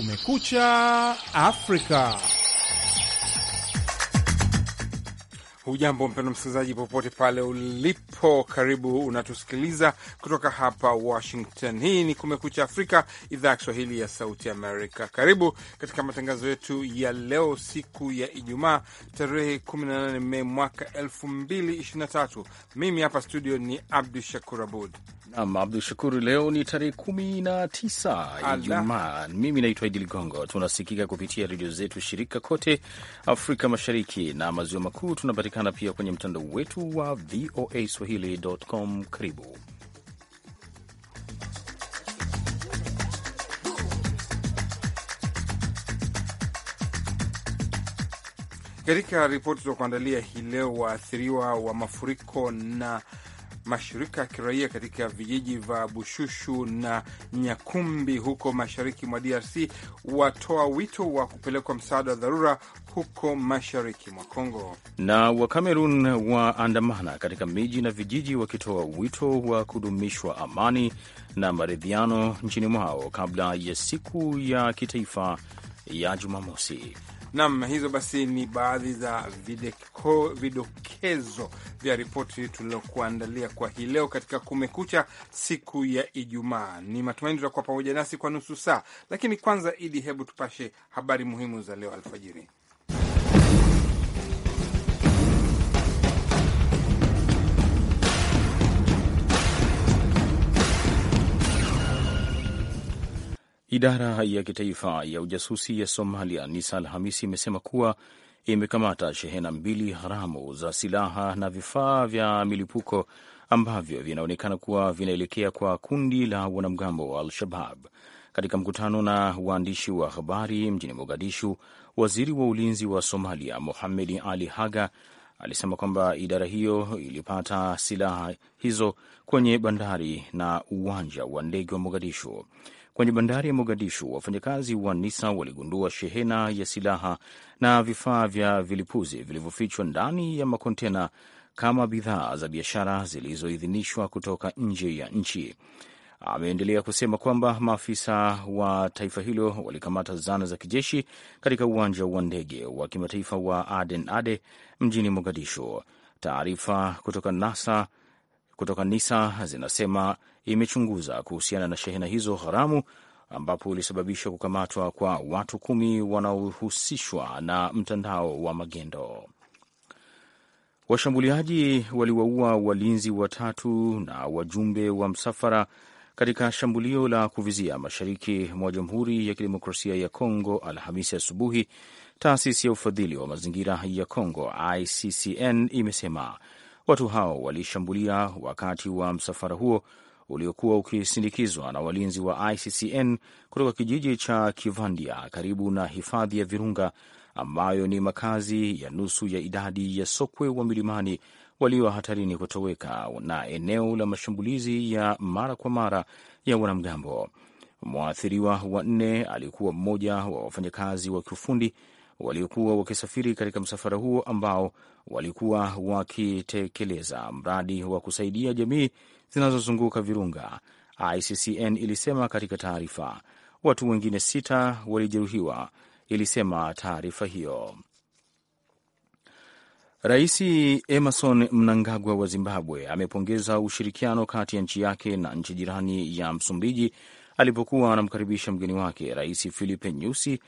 Kumekucha Afrika. Hujambo mpendo msikilizaji, popote pale ulipo, karibu unatusikiliza kutoka hapa Washington. Hii ni Kumekucha Afrika, idhaa ya Kiswahili ya Sauti Amerika. Karibu katika matangazo yetu ya leo, siku ya Ijumaa tarehe 18 Mei mwaka 2023. Mimi hapa studio ni Abdu Shakur Abud nam Abdu Shakur. Leo ni tarehe 19 Ijumaa. Mimi naitwa Idi Ligongo. Tunasikika kupitia redio zetu shirika kote Afrika Mashariki na Maziwa Makuu. Tunapatikana tunapatikana pia kwenye mtandao wetu wa VOA Swahili.com. Karibu katika ripoti za kuandalia hii leo. Waathiriwa wa mafuriko na mashirika ya kiraia katika vijiji vya Bushushu na Nyakumbi huko mashariki mwa DRC watoa wito wa kupelekwa msaada wa dharura huko mashariki mwa Kongo. Na wa waandamana katika miji na vijiji wakitoa wito wa kudumishwa amani na maridhiano nchini mwao kabla ya siku ya kitaifa ya Jumamosi. Nam, hizo basi ni baadhi za videko, vidokezo vya ripoti tulilokuandalia kwa hii leo katika Kumekucha siku ya Ijumaa. Ni matumaini tutakuwa pamoja nasi kwa nusu saa, lakini kwanza, Idi, hebu tupashe habari muhimu za leo alfajiri. Idara ya kitaifa ya ujasusi ya Somalia NISA Alhamisi imesema kuwa imekamata shehena mbili haramu za silaha na vifaa vya milipuko ambavyo vinaonekana kuwa vinaelekea kwa kundi la wanamgambo wa Al-Shabab. Katika mkutano na waandishi wa habari mjini Mogadishu, waziri wa ulinzi wa Somalia Mohamed Ali Haga alisema kwamba idara hiyo ilipata silaha hizo kwenye bandari na uwanja wa ndege wa Mogadishu. Kwenye bandari ya Mogadishu, wafanyakazi wa NISA waligundua shehena ya silaha na vifaa vya vilipuzi vilivyofichwa ndani ya makontena kama bidhaa za biashara zilizoidhinishwa kutoka nje ya nchi. Ameendelea kusema kwamba maafisa wa taifa hilo walikamata zana za kijeshi katika uwanja wa ndege wa kimataifa wa Aden Ade mjini Mogadishu. Taarifa kutoka NASA kutoka NISA zinasema imechunguza kuhusiana na shehena hizo haramu ambapo ilisababisha kukamatwa kwa watu kumi wanaohusishwa na mtandao wa magendo. Washambuliaji waliwaua walinzi watatu na wajumbe wa msafara katika shambulio la kuvizia mashariki mwa Jamhuri ya Kidemokrasia ya Kongo Alhamisi asubuhi. Taasisi ya ufadhili wa mazingira ya Kongo ICCN imesema watu hao walishambulia wakati wa msafara huo uliokuwa ukisindikizwa na walinzi wa ICCN kutoka kijiji cha Kivandia karibu na hifadhi ya Virunga ambayo ni makazi ya nusu ya idadi ya sokwe wa milimani walio hatarini kutoweka na eneo la mashambulizi ya mara kwa mara ya wanamgambo. Mwathiriwa wa nne alikuwa mmoja wa wafanyakazi wa kiufundi waliokuwa wakisafiri katika msafara huo ambao walikuwa wakitekeleza mradi wa kusaidia jamii zinazozunguka Virunga, ICCN ilisema katika taarifa. Watu wengine sita walijeruhiwa, ilisema taarifa hiyo. Rais Emerson Mnangagwa wa Zimbabwe amepongeza ushirikiano kati ya nchi yake na nchi jirani ya Msumbiji alipokuwa anamkaribisha mgeni wake Rais Filipe Nyusi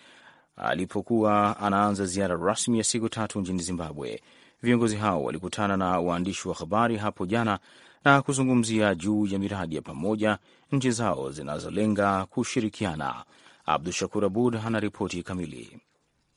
alipokuwa anaanza ziara rasmi ya siku tatu nchini Zimbabwe. Viongozi hao walikutana na waandishi wa habari hapo jana na kuzungumzia juu ya miradi ya pamoja nchi zao zinazolenga kushirikiana. Abdu Shakur Abud ana ripoti kamili.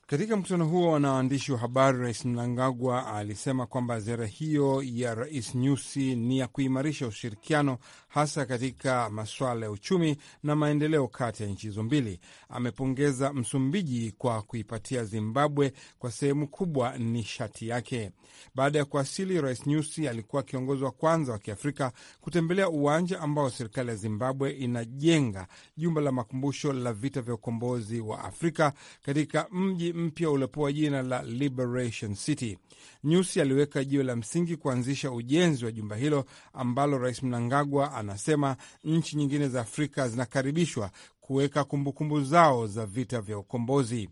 Katika mkutano huo na waandishi wa habari, Rais Mnangagwa alisema kwamba ziara hiyo ya Rais Nyusi ni ya kuimarisha ushirikiano hasa katika masuala ya uchumi na maendeleo kati ya nchi hizo mbili. Amepongeza Msumbiji kwa kuipatia Zimbabwe kwa sehemu kubwa nishati yake. Baada ya kuwasili, Rais Nyusi alikuwa kiongozi wa kwanza wa Kiafrika kutembelea uwanja ambao serikali ya Zimbabwe inajenga jumba la makumbusho la vita vya ukombozi wa Afrika katika mji mpya uliopewa jina la Liberation City. Nyusi aliweka jiwe la msingi kuanzisha ujenzi wa jumba hilo ambalo Rais Mnangagwa anasema nchi nyingine za Afrika zinakaribishwa kuweka kumbukumbu zao za vita vya ukombozi.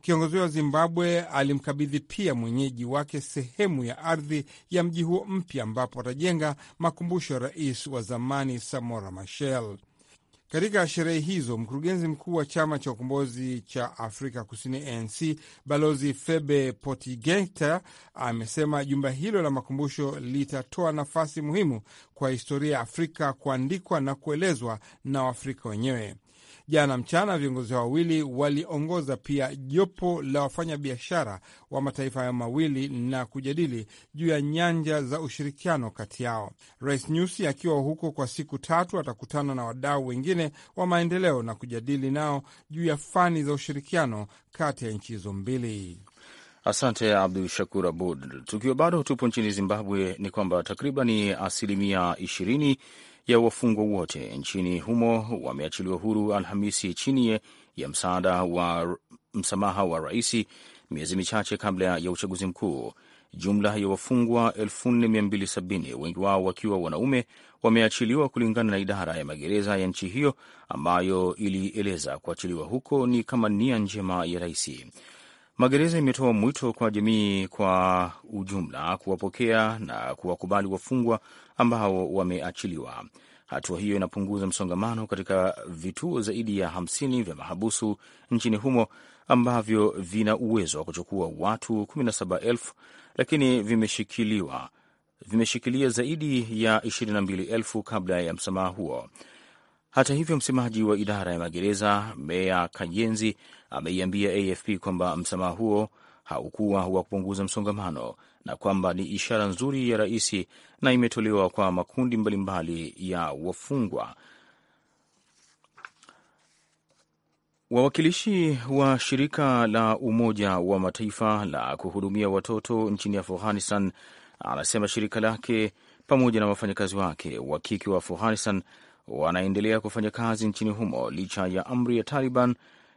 Kiongozi wa Zimbabwe alimkabidhi pia mwenyeji wake sehemu ya ardhi ya mji huo mpya ambapo atajenga makumbusho ya rais wa zamani Samora Machel. Katika sherehe hizo mkurugenzi mkuu wa chama cha ukombozi cha Afrika Kusini ANC Balozi Febe Potigeta amesema jumba hilo la makumbusho litatoa nafasi muhimu kwa historia ya Afrika kuandikwa na kuelezwa na Waafrika wenyewe. Jana mchana viongozi hao wawili waliongoza pia jopo la wafanyabiashara wa mataifa hayo mawili na kujadili juu ya nyanja za ushirikiano kati yao. Rais Nyusi akiwa huko kwa siku tatu atakutana na wadau wengine wa maendeleo na kujadili nao juu ya fani za ushirikiano kati ya nchi hizo mbili. Asante Abdu Shakur Abud. Tukiwa bado tupo nchini Zimbabwe, ni kwamba takribani asilimia ishirini ya wafungwa wote nchini humo wameachiliwa huru Alhamisi chini ya msaada wa msamaha wa rais, miezi michache kabla ya uchaguzi mkuu. Jumla ya wafungwa 4270 wengi wao wakiwa wanaume, wameachiliwa kulingana na idara ya magereza ya nchi hiyo ambayo ilieleza kuachiliwa huko ni kama nia njema ya raisi Magereza imetoa mwito kwa jamii kwa ujumla kuwapokea na kuwakubali wafungwa ambao wameachiliwa. Hatua hiyo inapunguza msongamano katika vituo zaidi ya hamsini vya mahabusu nchini humo ambavyo vina uwezo wa kuchukua watu 17,000 lakini vimeshikiliwa vimeshikilia zaidi ya 22,000 kabla ya msamaha huo. Hata hivyo, msemaji wa idara ya magereza Meya Kajenzi ameiambia AFP kwamba msamaha huo haukuwa wa kupunguza msongamano na kwamba ni ishara nzuri ya rais na imetolewa kwa makundi mbalimbali ya wafungwa. Wawakilishi wa shirika la Umoja wa Mataifa la kuhudumia watoto nchini Afghanistan anasema shirika lake pamoja na wafanyakazi wake wa kike wa Afghanistan wanaendelea kufanya kazi nchini humo licha ya amri ya Taliban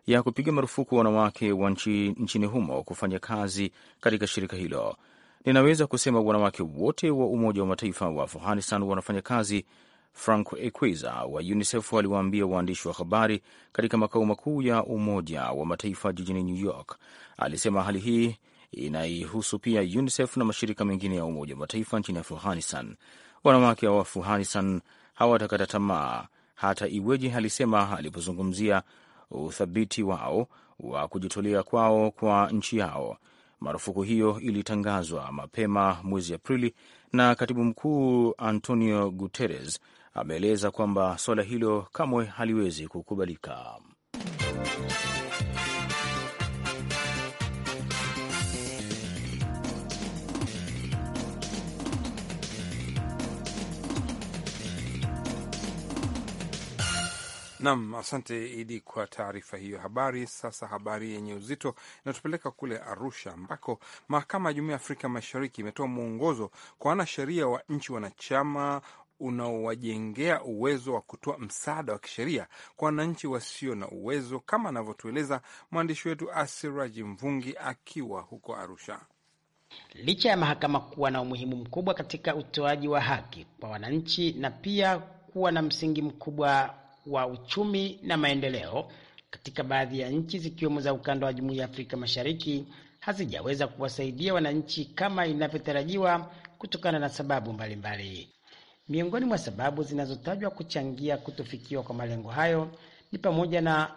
ya kupiga marufuku wanawake wa nchi nchini humo kufanya kazi katika shirika hilo. Ninaweza kusema wanawake wote wa Umoja wa Mataifa wa Afghanistan wanafanya kazi, Frank Equiza wa UNICEF aliwaambia waandishi wa habari katika makao makuu ya Umoja wa Mataifa jijini New York. Alisema hali hii inaihusu pia UNICEF na mashirika mengine ya Umoja wa Mataifa nchini Afghanistan. Wanawake wa Afghanistan hawatakata tamaa hata iweje, alisema alipozungumzia uthabiti wao wa kujitolea kwao kwa nchi yao. Marufuku hiyo ilitangazwa mapema mwezi Aprili na katibu mkuu Antonio Guterres ameeleza kwamba suala hilo kamwe haliwezi kukubalika. Nam, asante Idi kwa taarifa hiyo habari. Sasa habari yenye uzito inatupeleka kule Arusha, ambako mahakama ya Jumuiya ya Afrika Mashariki imetoa mwongozo kwa wanasheria wa nchi wanachama unaowajengea uwezo wa kutoa msaada wa kisheria kwa wananchi wasio na uwezo, kama anavyotueleza mwandishi wetu Asiraji Mvungi akiwa huko Arusha. Licha ya mahakama kuwa na umuhimu mkubwa katika utoaji wa haki kwa wananchi na pia kuwa na msingi mkubwa wa uchumi na maendeleo katika baadhi ya nchi zikiwemo za ukanda wa Jumuiya ya Afrika Mashariki hazijaweza kuwasaidia wananchi kama inavyotarajiwa kutokana na sababu mbalimbali mbali. Miongoni mwa sababu zinazotajwa kuchangia kutofikiwa kwa malengo hayo ni pamoja na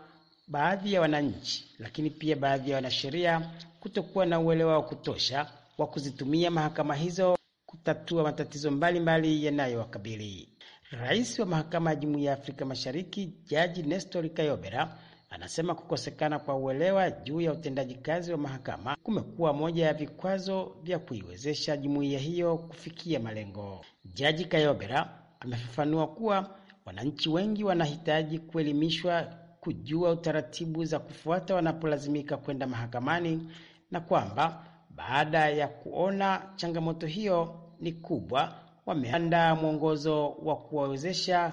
baadhi ya wananchi, lakini pia baadhi ya wanasheria kutokuwa na uelewa wa kutosha wa kuzitumia mahakama hizo kutatua matatizo mbalimbali yanayowakabili. Rais wa mahakama ya Jumuiya ya Afrika Mashariki Jaji Nestor Kayobera anasema kukosekana kwa uelewa juu ya utendaji kazi wa mahakama kumekuwa moja ya vikwazo vya kuiwezesha jumuiya hiyo kufikia malengo. Jaji Kayobera amefafanua kuwa wananchi wengi wanahitaji kuelimishwa kujua utaratibu za kufuata wanapolazimika kwenda mahakamani na kwamba baada ya kuona changamoto hiyo ni kubwa wameandaa mwongozo wa kuwawezesha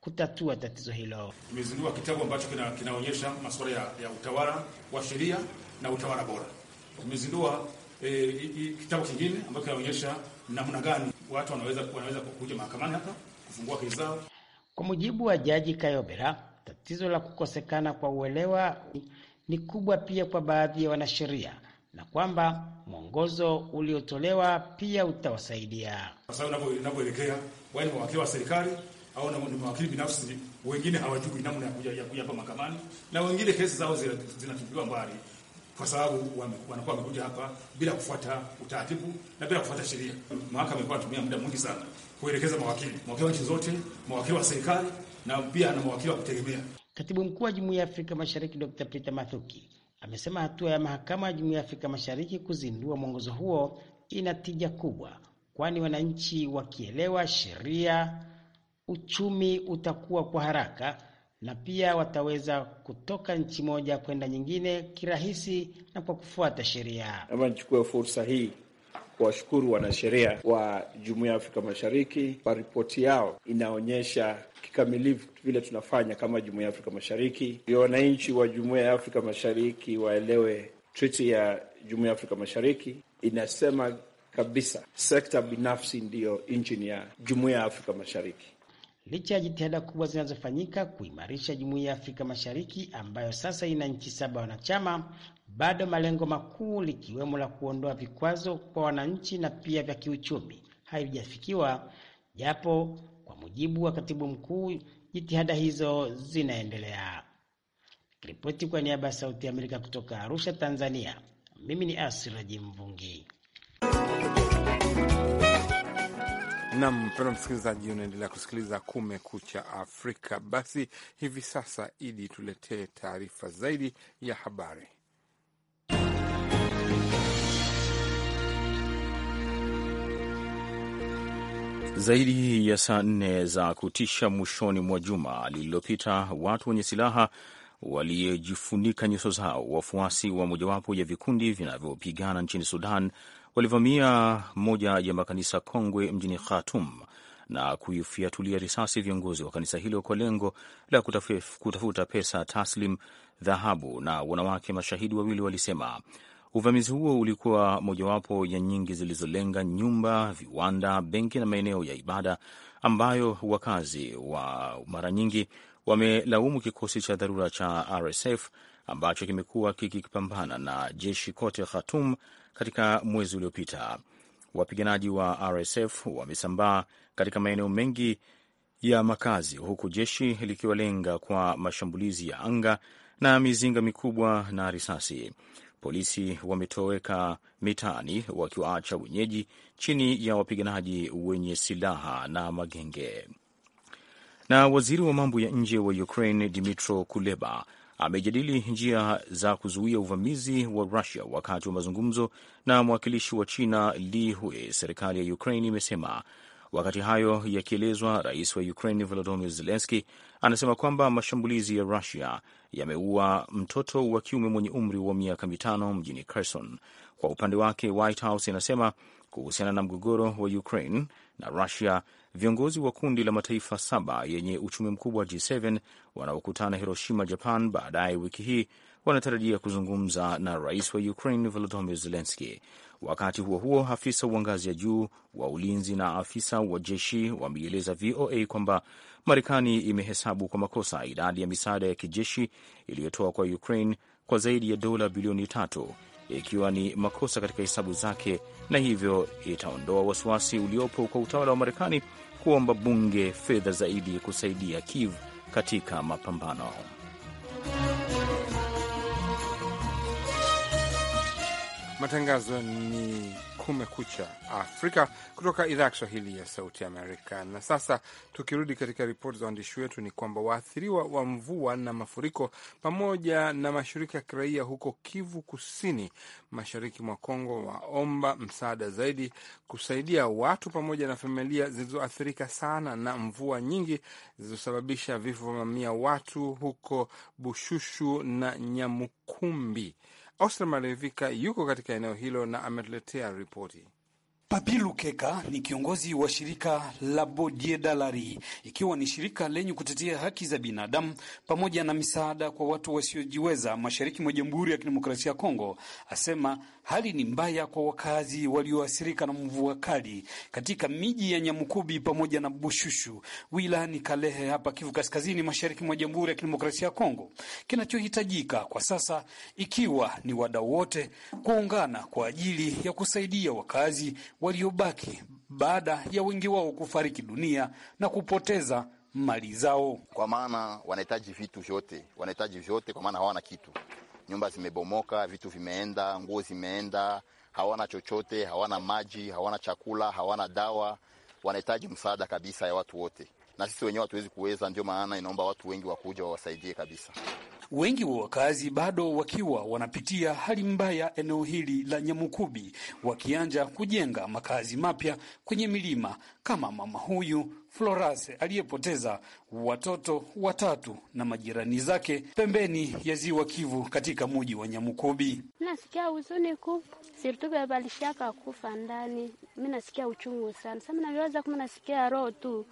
kutatua tatizo hilo. Tumezindua kitabu ambacho kina, kinaonyesha masuala ya, ya utawala wa sheria na utawala bora. Tumezindua e, kitabu kingine ambacho kinaonyesha namna gani watu wanaweza, wanaweza kuja mahakamani hapa kufungua kesi zao. Kwa mujibu wa Jaji Kayobera, tatizo la kukosekana kwa uelewa ni kubwa pia kwa baadhi ya wanasheria na kwamba mwongozo uliotolewa pia utawasaidia. Sasa unavyoelekea wale mawakili wa serikali au ni mawakili binafsi, wengine hawajui namna ya kuja hapa mahakamani, na wengine kesi zao zinatupiliwa mbali kwa sababu wanakuwa wamekuja hapa bila kufuata utaratibu na bila kufuata sheria. Mahakama imekuwa anatumia muda mwingi sana kuelekeza mawakili, mawakili wa nchi zote, mawakili wa serikali na pia na mawakili wa kutegemea. Katibu mkuu wa Jumuiya ya Afrika Mashariki Dr. Peter Mathuki amesema hatua ya mahakama ya Jumuiya ya Afrika Mashariki kuzindua mwongozo huo ina tija kubwa, kwani wananchi wakielewa sheria, uchumi utakuwa kwa haraka na pia wataweza kutoka nchi moja kwenda nyingine kirahisi na kwa kufuata sheria. Ama nichukue fursa hii kuwashukuru wanasheria wa Jumuiya ya Afrika Mashariki kwa ripoti yao, inaonyesha kikamilifu vile tunafanya kama Jumuiya ya Afrika Mashariki, ndio wananchi wa Jumuiya ya Afrika Mashariki waelewe. triti ya Jumuiya ya Afrika Mashariki inasema kabisa sekta binafsi ndiyo injini ya Jumuiya ya Afrika Mashariki. Licha ya jitihada kubwa zinazofanyika kuimarisha Jumuiya ya Afrika Mashariki ambayo sasa ina nchi saba wanachama, bado malengo makuu likiwemo la kuondoa vikwazo kwa wananchi na pia vya kiuchumi haijafikiwa, japo kwa mujibu wa katibu mkuu jitihada hizo zinaendelea. Ripoti kwa niaba ya Sauti ya Amerika kutoka Arusha, Tanzania. Mimi ni Asiraji Mvungi. Nam mpendo msikilizaji, unaendelea kusikiliza Kumekucha Afrika. Basi hivi sasa, Idi, tuletee taarifa zaidi ya habari. Zaidi ya saa nne za kutisha mwishoni mwa juma lililopita, watu wenye silaha waliyejifunika nyuso zao, wafuasi wa mojawapo ya vikundi vinavyopigana nchini Sudan, walivamia moja ya makanisa kongwe mjini Khartoum na kuifiatulia risasi viongozi wa kanisa hilo kwa lengo la kutafuta pesa taslim, dhahabu na wanawake. Mashahidi wawili walisema Uvamizi huo ulikuwa mojawapo ya nyingi zilizolenga nyumba, viwanda, benki na maeneo ya ibada ambayo wakazi wa mara nyingi wamelaumu kikosi cha dharura cha RSF ambacho kimekuwa kikipambana na jeshi kote Khartoum katika mwezi uliopita. Wapiganaji wa RSF wamesambaa katika maeneo mengi ya makazi huku jeshi likiwalenga kwa mashambulizi ya anga na mizinga mikubwa na risasi polisi wametoweka mitaani wakiwaacha wenyeji chini ya wapiganaji wenye silaha na magenge. Na waziri wa mambo ya nje wa Ukraine Dmytro Kuleba amejadili njia za kuzuia uvamizi wa Rusia wakati wa mazungumzo na mwakilishi wa China Li Hui. Serikali ya Ukraine imesema Wakati hayo yakielezwa, rais wa Ukraine Volodymyr Zelensky anasema kwamba mashambulizi ya Rusia yameua mtoto wa kiume mwenye umri wa miaka mitano mjini Kherson. Kwa upande wake, White House inasema kuhusiana na mgogoro wa Ukraine na Rusia, viongozi wa kundi la mataifa saba yenye uchumi mkubwa G7 wanaokutana Hiroshima, Japan, baadaye wiki hii wanatarajia kuzungumza na rais wa Ukraine Volodymyr Zelensky Wakati huo huo, afisa wa ngazi ya juu wa ulinzi na afisa wa jeshi wameieleza VOA kwamba Marekani imehesabu kwa makosa idadi ya misaada ya kijeshi iliyotoa kwa Ukraine kwa zaidi ya dola bilioni tatu ikiwa ni makosa katika hesabu zake, na hivyo itaondoa wasiwasi uliopo kwa utawala wa Marekani kuomba bunge fedha zaidi kusaidia Kiev katika mapambano. Matangazo ni Kumekucha Afrika kutoka idhaa ya Kiswahili ya Sauti Amerika. Na sasa tukirudi katika ripoti za waandishi wetu, ni kwamba waathiriwa wa mvua na mafuriko pamoja na mashirika ya kiraia huko Kivu Kusini, mashariki mwa Kongo, waomba msaada zaidi kusaidia watu pamoja na familia zilizoathirika sana na mvua nyingi zilizosababisha vifo vya mamia watu huko Bushushu na Nyamukumbi. Oster Malevika yuko katika eneo hilo na ametuletea ripoti. Papi Lukeka ni kiongozi wa shirika la Bodie Dalari, ikiwa ni shirika lenye kutetea haki za binadamu pamoja na misaada kwa watu wasiojiweza mashariki mwa Jamhuri ya Kidemokrasia ya Kongo, asema hali ni mbaya kwa wakazi walioathirika na mvua kali katika miji ya Nyamukubi pamoja na Bushushu wilayani Kalehe, hapa Kivu Kaskazini, mashariki mwa Jamhuri ya Kidemokrasia ya Kongo. Kinachohitajika kwa sasa ikiwa ni wadau wote kuungana kwa ajili ya kusaidia wakazi waliobaki baada ya wengi wao kufariki dunia na kupoteza mali zao, kwa maana wanahitaji vitu vyote, wanahitaji vyote, kwa maana hawana kitu. Nyumba zimebomoka, vitu vimeenda, nguo zimeenda, hawana chochote, hawana maji, hawana chakula, hawana dawa. Wanahitaji msaada kabisa ya watu wote, na sisi wenyewe hatuwezi kuweza. Ndio maana inaomba watu wengi wakuja wawasaidie kabisa wengi wa wakazi bado wakiwa wanapitia hali mbaya eneo hili la Nyamukubi, wakianja kujenga makazi mapya kwenye milima kama mama huyu Florase aliyepoteza watoto watatu na majirani zake pembeni ya ziwa Kivu katika muji wa Nyamukubi. Nasikia huzuni kubwa, sirtuke balishaka kufa ndani. Mi nasikia uchungu sana, sa minaweza kuma nasikia roho tu,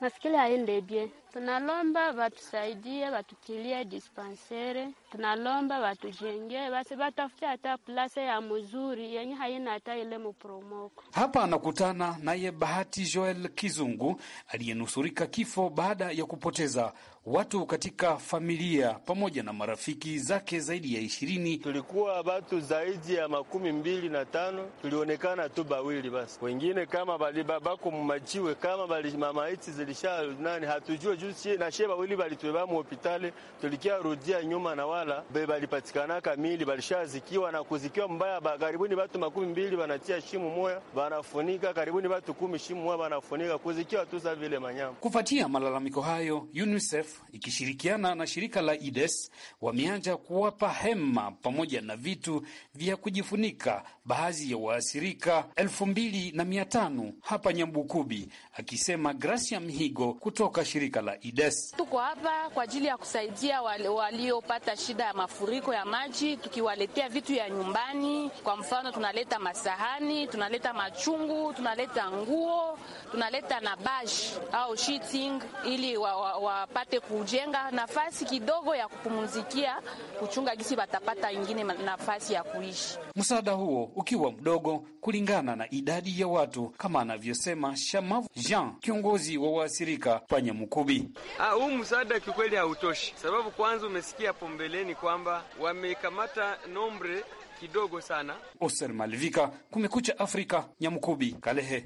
nafikiri aende bie tunalomba watusaidie, watutilie dispansere, tunalomba watujengee, basi watafute hata plase ya mzuri yenye haina hata ile mpromoko. Hapa anakutana naye Bahati Joel Kizungu aliyenusurika kifo baada ya kupoteza watu katika familia pamoja na marafiki zake zaidi ya ishirini. Tulikuwa watu zaidi ya makumi mbili na tano, tulionekana tu bawili basi, wengine kama balibabako mumajiwe kama mamaiti zilisha nani hatujue jusie na she bawili balitweba mu hopitali, tulikia rudia nyuma na wala be balipatikana kamili, balishazikiwa na kuzikiwa mbaya. ba, Karibuni watu makumi mbili wanatia shimu moya wanafunika, karibuni watu kumi shimu moya wanafunika, kuzikiwa tu za vile manyama. Kufuatia malalamiko hayo, UNICEF ikishirikiana na shirika la IDES wameanja kuwapa hema pamoja na vitu vya kujifunika baadhi ya waathirika elfu mbili na mia tano hapa Nyambukubi, akisema Gracia Mhigo kutoka shirika la la IDES. Tuko hapa kwa ajili ya kusaidia waliopata shida ya mafuriko ya maji, tukiwaletea vitu ya nyumbani. Kwa mfano, tunaleta masahani, tunaleta machungu, tunaleta nguo, tunaleta na bash au sheeting, ili wapate wa, wa kujenga nafasi kidogo ya kupumzikia, kuchunga gisi watapata ingine nafasi ya kuishi. Msaada huo ukiwa mdogo kulingana na idadi ya watu, kama anavyosema Shamavu Jean, kiongozi wa waasirika mkubi Ah, huu msaada kiukweli hautoshi, sababu kwanza umesikia hapo mbeleni kwamba wamekamata nombre kidogo sana. Oser Malivika, Kumekucha Afrika, nyamkubi Kalehe.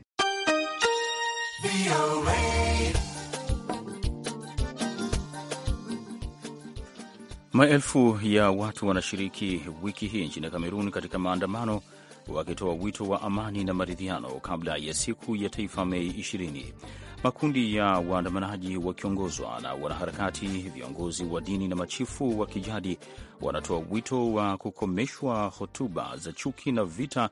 Maelfu ya watu wanashiriki wiki hii nchini Kamerun katika maandamano wakitoa wito wa amani na maridhiano kabla ya siku ya taifa Mei Makundi ya waandamanaji wakiongozwa na wanaharakati, viongozi wa dini na machifu wa kijadi wanatoa wito wa kukomeshwa hotuba za chuki na vita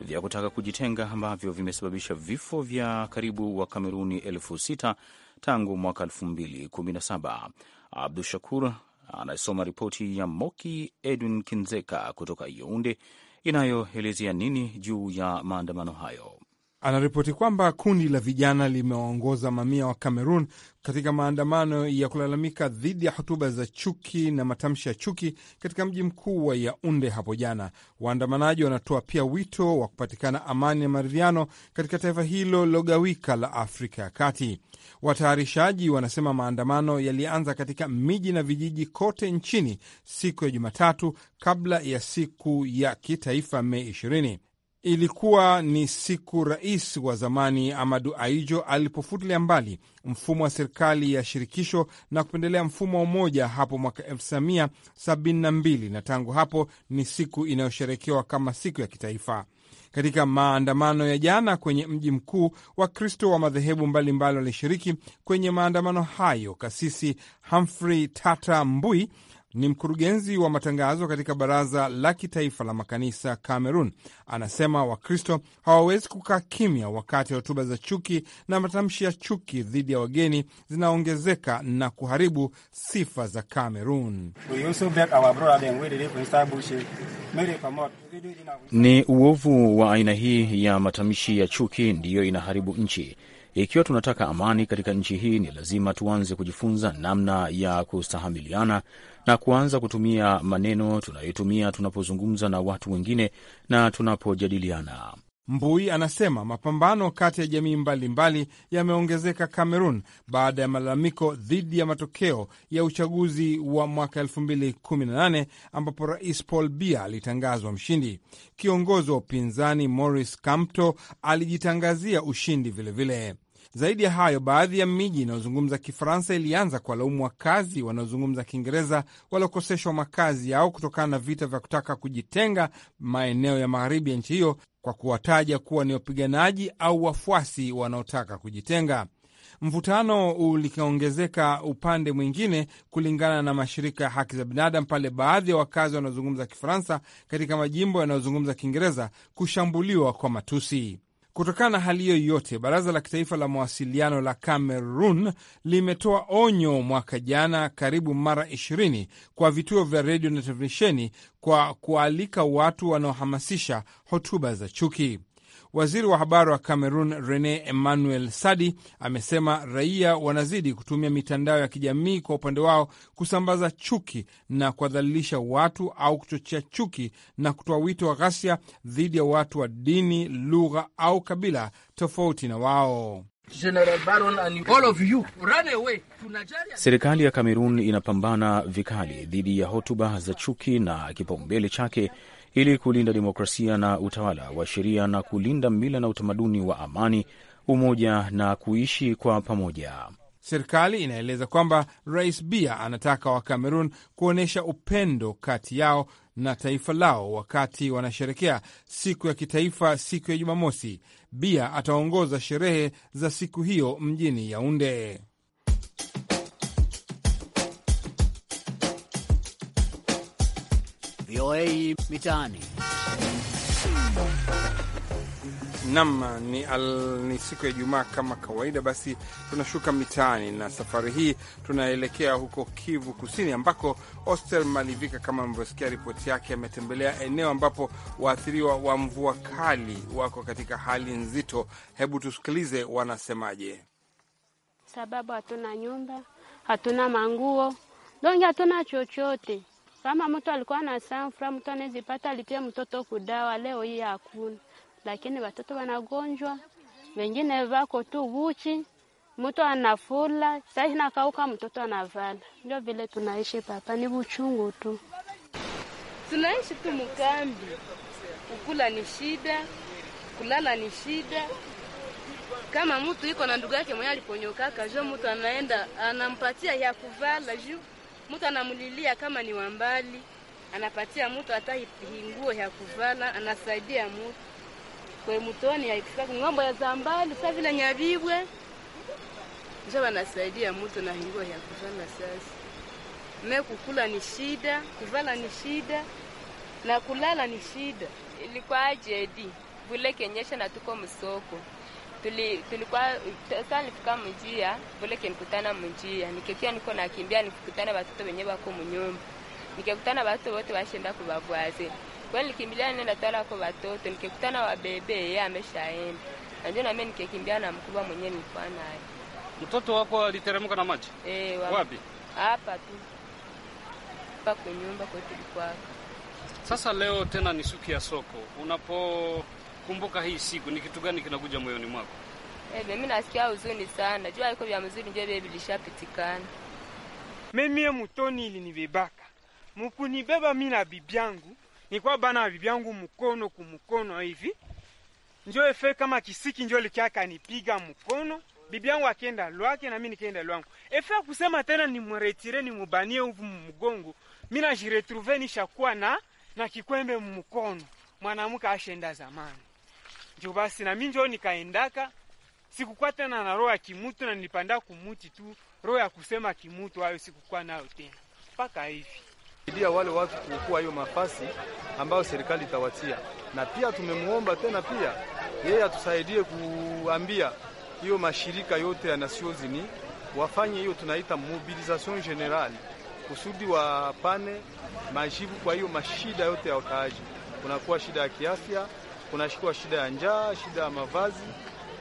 vya kutaka kujitenga ambavyo vimesababisha vifo vya karibu wa Kameruni elfu sita tangu mwaka 217 Abdu Shakur anayesoma ripoti ya Moki Edwin Kinzeka kutoka Yeunde inayoelezea nini juu ya maandamano hayo anaripoti kwamba kundi la vijana limewaongoza mamia wa Kamerun katika maandamano ya kulalamika dhidi ya hotuba za chuki na matamshi ya chuki katika mji mkuu wa Yaunde hapo jana. Waandamanaji wanatoa pia wito wa kupatikana amani na maridhiano katika taifa hilo lilogawika la Afrika ya Kati. Watayarishaji wanasema maandamano yalianza katika miji na vijiji kote nchini siku ya Jumatatu kabla ya siku ya kitaifa Mei 20. Ilikuwa ni siku rais wa zamani Amadu Aijo alipofutilia mbali mfumo wa serikali ya shirikisho na kupendelea mfumo wa umoja hapo mwaka 1972 na tangu hapo ni siku inayosherekewa kama siku ya kitaifa. Katika maandamano ya jana kwenye mji mkuu, Wakristo wa madhehebu mbalimbali walishiriki kwenye maandamano hayo. Kasisi Humphrey Tata Mbui ni mkurugenzi wa matangazo katika Baraza la Kitaifa la Makanisa Cameroon, anasema Wakristo hawawezi kukaa kimya wakati hotuba za chuki na matamshi ya chuki dhidi ya wageni zinaongezeka na kuharibu sifa za Cameroon. Ni uovu wa aina hii ya matamshi ya chuki ndiyo inaharibu nchi. Ikiwa tunataka amani katika nchi hii, ni lazima tuanze kujifunza namna ya kustahamiliana na kuanza kutumia maneno tunayotumia tunapozungumza na watu wengine na tunapojadiliana. Mbui anasema mapambano kati ya jamii mbalimbali yameongezeka Kamerun baada ya malalamiko dhidi ya matokeo ya uchaguzi wa mwaka 2018 ambapo Rais Paul Biya alitangazwa mshindi. Kiongozi wa upinzani Maurice Kamto alijitangazia ushindi vilevile vile. Zaidi ya hayo, baadhi ya miji inayozungumza Kifaransa ilianza kuwalaumu wakazi wanaozungumza Kiingereza waliokoseshwa makazi yao kutokana na vita vya kutaka kujitenga maeneo ya magharibi ya nchi hiyo kwa kuwataja kuwa ni wapiganaji au wafuasi wanaotaka kujitenga. Mvutano ulikaongezeka upande mwingine, kulingana na mashirika ya haki za binadamu, pale baadhi ya wakazi wanaozungumza Kifaransa katika majimbo yanayozungumza Kiingereza kushambuliwa kwa matusi. Kutokana na hali hiyo yote, baraza la kitaifa la mawasiliano la Cameroon limetoa onyo mwaka jana karibu mara 20 kwa vituo vya redio na televisheni kwa kualika watu wanaohamasisha hotuba za chuki. Waziri wa habari wa Cameroon Rene Emmanuel Sadi amesema raia wanazidi kutumia mitandao ya kijamii kwa upande wao kusambaza chuki na kuwadhalilisha watu au kuchochea chuki na kutoa wito wa ghasia dhidi ya watu wa dini, lugha au kabila tofauti na wao. Serikali ya Kamerun inapambana vikali dhidi ya hotuba za chuki na kipaumbele chake ili kulinda demokrasia na utawala wa sheria na kulinda mila na utamaduni wa amani, umoja na kuishi kwa pamoja. Serikali inaeleza kwamba Rais bia anataka wa Kamerun kuonyesha upendo kati yao na taifa lao wakati wanasherekea siku ya kitaifa siku ya Jumamosi. bia ataongoza sherehe za siku hiyo mjini Yaunde. VOA Mitaani. Nam ni, ni siku ya Ijumaa kama kawaida, basi tunashuka mitaani na safari hii tunaelekea huko Kivu Kusini, ambako Oster Malivika kama mlivyosikia ripoti yake, ametembelea eneo ambapo waathiriwa wa mvua kali wako katika hali nzito. Hebu tusikilize wanasemaje. Sababu hatuna nyumba, hatuna manguo donge, hatuna chochote kama mtu alikuwa na sanfra, mtu anezipata alipia mtoto kudawa, leo hii hakuna. Lakini watoto wanagonjwa, wengine vako tu uchi, mtu anafula sasa nakauka, mtoto anavala. Ndio vile tunaishi papa, ni uchungu tu, tunaishi tu mkambi. Kukula ni shida, kulala ni shida. Kama mtu iko na ndugu yake mwenye aliponyoka jo mtu anaenda anampatia ya kuvala juu mtu anamlilia kama ni wambali, anapatia mtu hata nguo ya kuvala, anasaidia mtu kwa mtoni haikufika ng'ombo ya zambali sasa vile nyabibwe ndio wanasaidia mtu na nguo ya kuvala. Sasa me kukula ni shida, kuvala ni shida na kulala ni shida. Ilikuwa ajedi vule kenyesha na tuko msoko tuli, tulikuwa sasa nifika mjia vule kenikutana mjia nikekia niko nakimbia nikikutana watoto wenye wako mnyumba nikikutana watoto wote washenda kubabwaze kweli nikimbilia nenda twala kwa watoto nikikutana bebe yeye ameshaenda ndio nami nikikimbia na mkubwa mwenyewe nilikuwa naye mtoto wako aliteremka na maji e, wa, wapi hapa tu pa kwa nyumba kwa tulikuwa sasa leo tena ni siku ya soko unapo kukumbuka hii siku, ni kitu gani kinakuja moyoni mwako? Ebe, eh, mimi nasikia huzuni sana, jua iko vya mzuri njo bebi lishapitikana. Mimi mutoni ilinibebaka mukunibeba mi na bibi yangu, nikuwa bana ya bibi yangu mkono kumkono hivi njo efe kama kisiki njo likiaka nipiga mkono bibi yangu akienda lwake na mimi nikaenda lwangu. Efe kusema tena ni mretire ni mubanie uvu mgongo. Mimi najiretrouve nishakuwa na na kikwembe mkono. Mwanamke ashenda zamani juu basi nami njo nikaendaka, sikukuwa tena na roho ya kimutu na nilipanda kumuti tu, roho ya kusema kimutu hayo sikukuwa nayo tena mpaka hivi idia wale watu kuokoa hiyo mafasi ambayo serikali itawatia, na pia tumemuomba tena pia yeye atusaidie kuambia hiyo mashirika yote ya Nations Unies wafanye hiyo tunaita mobilisation generale, kusudi wapane majibu kwa hiyo mashida yote ya wakaaji. Kunakuwa shida ya kiafya kunashikiwa shida ya njaa, shida ya mavazi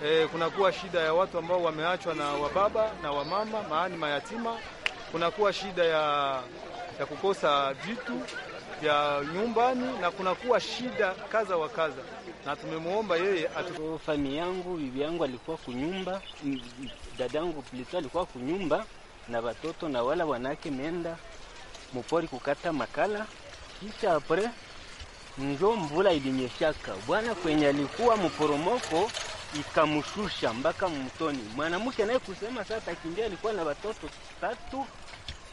e, kunakuwa shida ya watu ambao wameachwa na wababa na wamama, maani mayatima. Kunakuwa shida ya, ya kukosa vitu vya nyumbani na kunakuwa shida kadha wa kadha, na tumemwomba yeye atu... yangu bibi yangu alikuwa kunyumba, dada yangu plito alikuwa kunyumba na watoto na wala wanawake meenda mupori kukata makala kisha apre njo mvula ilinyeshaka bwana, kwenye alikuwa mporomoko ikamshusha mpaka mtoni. Mwanamke naye kusema sasa takimbia, alikuwa na watoto tatu,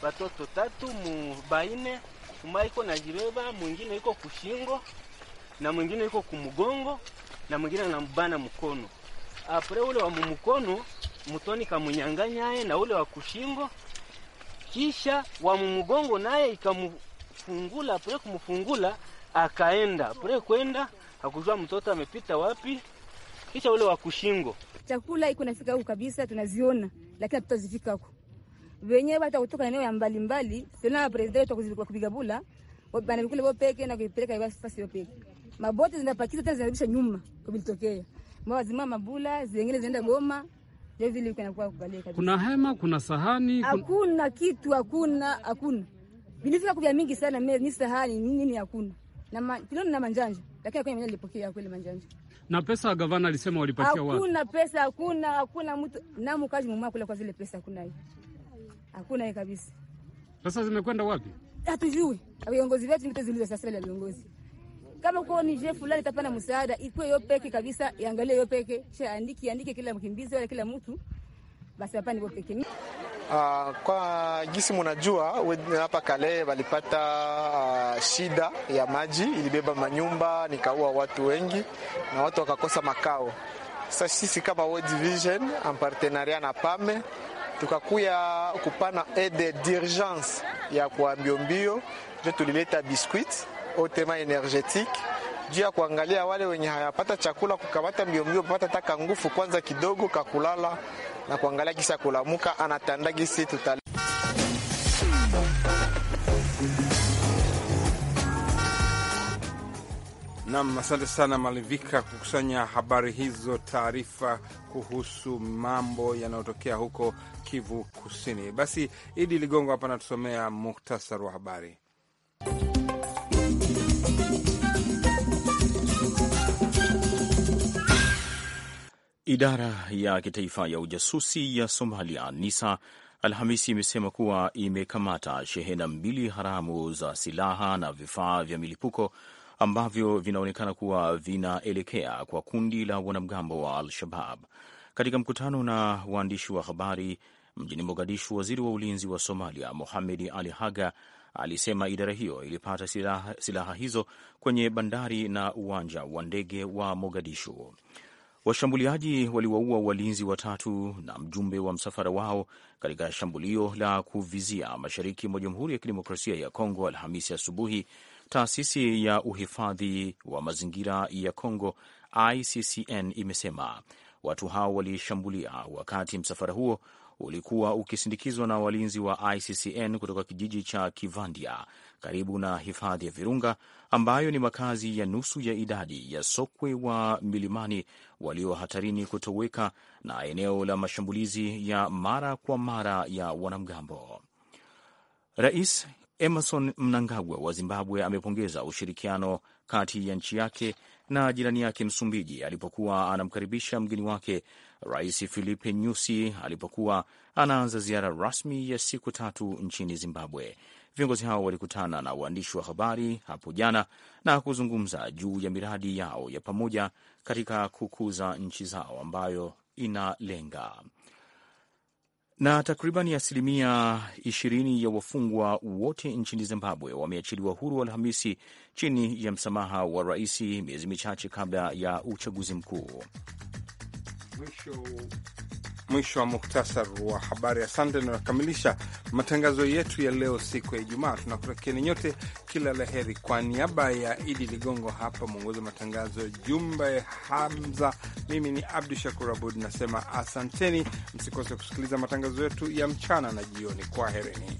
watoto tatu mubaine, umaiko na jireba, mwingine iko kushingo na mwingine iko kumgongo na mwingine anambana mkono. Apre ule wa mumkono mtoni kamunyanganyaye na ule wa kushingo, kisha wa mumgongo naye ikamfungula, apre kumfungula akaenda pre kwenda hakujua mtoto amepita wapi, kisha ule wa kushingo chakula iko nafika huko kabisa, tunaziona lakini hatutazifika huko wenyewe, hata kutoka eneo ya mbalimbali tena president wetu wa kupiga bula bana vikule wao peke na kuipeleka ibasi fasi wao peke, maboti zinapakiza tena zinarudisha nyuma kwa kubilitokea mawazima mabula zingine zinaenda Goma. Kuna hema, kuna sahani, hakuna kitu, hakuna hakuna vinifika kuvya mingi sana mimi, ni sahani nini, hakuna na Kilolo na Manjanja, lakini kwenye nilipokea kweli Manjanja. Na pesa gavana alisema walipatia wapi? Hakuna pesa, hakuna hakuna mtu na mkazi mmoja kule kwa zile pesa hakuna hiyo. Hakuna hiyo kabisa. Pesa zimekwenda wapi? Hatujui. Viongozi wetu ndio tulizo sasa ile viongozi. Kama kwa ni jefu fulani tapana msaada, ikuwe hiyo peke kabisa, iangalie hiyo peke, cha andiki andike kila mkimbizi wala kila mtu. Basi hapa ndipo peke. Uh, kwa gisi mnajua hapa kale walipata uh, shida ya maji ilibeba manyumba nikaua watu wengi na watu wakakosa makao. Sasa sisi kama World Vision en partenariat na PAME tukakuya kupana aide d'urgence ya kwa mbio ndio tulileta biscuit au tema energetique juu ya kuangalia wale wenye hayapata chakula kukamata mbio mbio pata taka ngufu kwanza kidogo kakulala na kuangalia kisa ya kulamuka, anatanda gisi tuta Nam, asante sana Malivika kukusanya habari hizo, taarifa kuhusu mambo yanayotokea huko Kivu Kusini. Basi Idi Ligongo hapa anatusomea muhtasari wa habari. Idara ya kitaifa ya ujasusi ya Somalia, NISA, Alhamisi imesema kuwa imekamata shehena mbili haramu za silaha na vifaa vya milipuko ambavyo vinaonekana kuwa vinaelekea kwa kundi la wanamgambo wa Al-Shabab. Katika mkutano na waandishi wa habari mjini Mogadishu, waziri wa ulinzi wa Somalia Mohamed Ali Haga alisema idara hiyo ilipata silaha, silaha hizo kwenye bandari na uwanja wa ndege wa Mogadishu. Washambuliaji waliwaua walinzi watatu na mjumbe wa msafara wao katika shambulio la kuvizia mashariki mwa Jamhuri ya Kidemokrasia ya Kongo Alhamisi asubuhi. Taasisi ya uhifadhi wa mazingira ya Kongo ICCN imesema watu hao walishambulia wakati msafara huo ulikuwa ukisindikizwa na walinzi wa ICCN kutoka kijiji cha Kivandia karibu na hifadhi ya Virunga ambayo ni makazi ya nusu ya idadi ya sokwe wa milimani walio hatarini kutoweka na eneo la mashambulizi ya mara kwa mara ya wanamgambo. Rais Emerson Mnangagwa wa Zimbabwe amepongeza ushirikiano kati ya nchi yake na jirani yake Msumbiji alipokuwa anamkaribisha mgeni wake Rais Filipe Nyusi alipokuwa anaanza ziara rasmi ya siku tatu nchini Zimbabwe. Viongozi hao walikutana na waandishi wa habari hapo jana na kuzungumza juu ya miradi yao ya pamoja katika kukuza nchi zao ambayo inalenga na takriban asilimia ishirini ya wafungwa wote nchini Zimbabwe wameachiliwa huru Alhamisi chini ya msamaha wa rais, miezi michache kabla ya uchaguzi mkuu. Mwisho Mwisho wa muktasar wa habari. Asante, nakamilisha matangazo yetu ya leo, siku ya Ijumaa. Tunakutakieni nyote kila la heri. Kwa niaba ya Idi Ligongo hapa mwongozi wa matangazo, Jumbe Hamza, mimi ni Abdu Shakur Abud nasema asanteni. Msikose kusikiliza matangazo yetu ya mchana na jioni. Kwaherini.